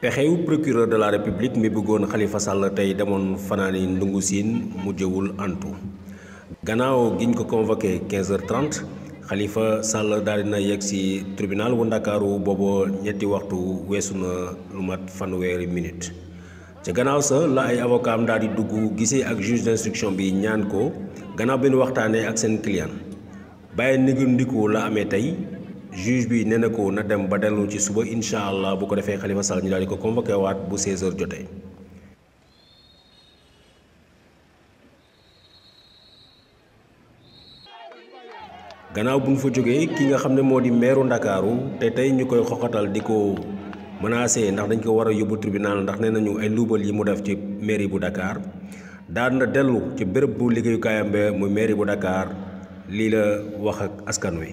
pexew procureur de la république mi bëggoon Khalifa Sall tey demoon fanaani ndungu siin mujjewul antu gannaaw giñ ko convoqué 15h30 Khalifa Sall daal dina yegg si tribunal wu ndakaaru bobo ñetti waxtu weesu na lu mat fanweeri minute ca gannaaw sa la ay avocat am daal di dugg gisee ak juge d'instruction bi ñaan ko gannaaw benn waxtaanee ak seen client bàyyi ndigal ndiku la amee tey juge bi nee na ko na dem ba dellu ci suba incha allah bu ko defee Khalifa Sall ñu daal di ko convoqué waat bu 16h jotee. gannaaw bu ñu fa jógee ki nga xam ne moo di meeru ndakaaru te tey ñu koy xoxatal di ko menacé ndax dañ ko war a yóbbu tribunal ndax nee nañu ay luubal yi mu def ci mairie bu dakaar daan na dellu ci béréb bu liggéeyukaayam be mu mairie bu Dakar lii la wax ak askan wi.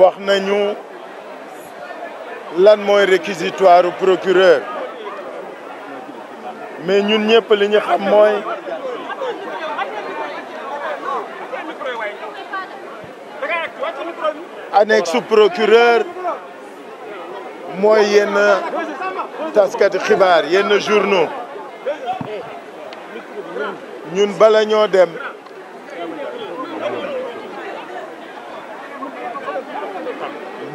wax nañu lan moy réquisitoire procureur mais ñun ñëpp li ñu xam mooy annexe su procureur moy yenn taskati xibar yenn journaux ñun bala ñoo dem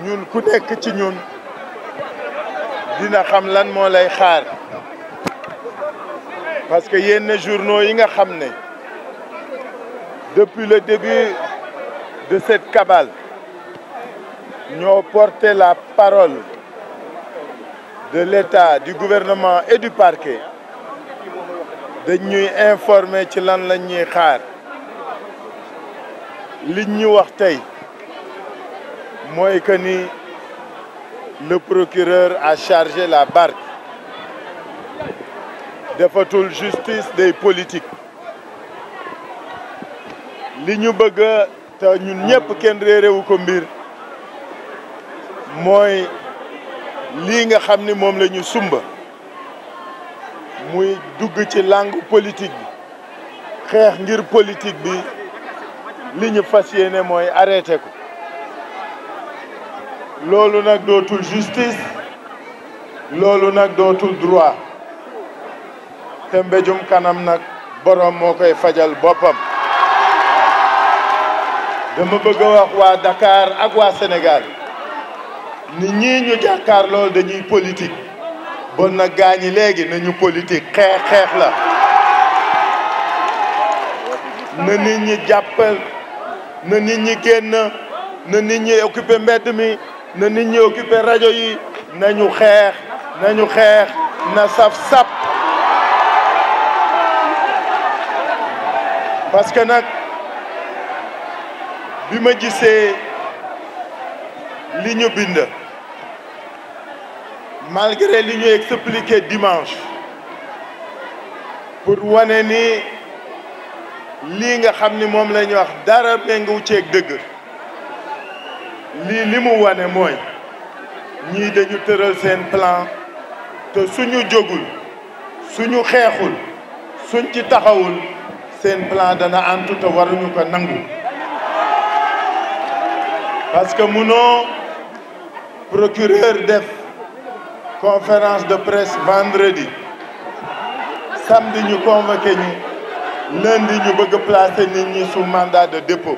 nous ku nekk ci ñun dina xam lan lay xaar parce que les journaux yi nga xam depuis le début de cette cabale nous porté la parole de l'État du gouvernement et du parquet de nous informer ci lan nous ñuy moi que ni le procureur a chargé la barque defatul justice des politiques li ñu bëgg te ñun ñëpp kenn réeréwu ko mbir mooy lii nga xam ni moom sumba muy dugg ci langue politique xex ngir politique bi liñu ñu moy arrêté ko loolu nag dootul justice loolu nag dootul droit te mbéjum kanam nag boroom moo koy fajal boppam dama bëgg wax waa Dakar ak waa Sénégal ni ñii ñu jàkkaar lool dañuy politique bon na gaañi léegi nañu politique xeex xeex la na nit ñi jàppal na nit ñi génn na nit ñi occupé mbedd mi na nit ñi occupé rajo yi nañu xeex nañu xeex na saf-sap parce que nag bi ma gisee li ñu bind malgré li ñu expliquer dimanche pour wane ni li nga xamni mom moom la ñuy wax dara ci ak deug lii li mu wane mooy ñii dañu tëral seen plan te suñu jogul suñu xexul suñ ci taxawul seen plan dana antu te waruñu ko nangu parce que munoo procureur def conférence de presse vendredi samedi ñu convoqué ñu lundi ñu bëgg placer nit ñi sous mandat de dépôt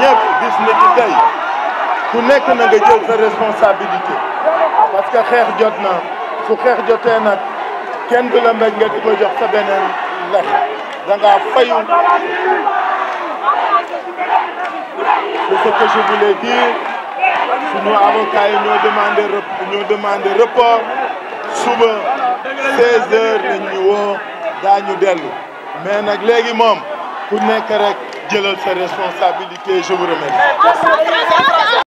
ñëpp bis ni ki tey ku nekk na nga jël sa responsabilité parce que xex jot na su xeex jotee nag kenn du la mbéj nga di ko jox sa benen lex da nga fayu c'est ce que je voulais dire suñu avocats yi ñoo demandé report suba 16 heures lañ ñu woo daañu dellu mais nag léegi moom ku nekk rek leur fait responsabilité je vous remercie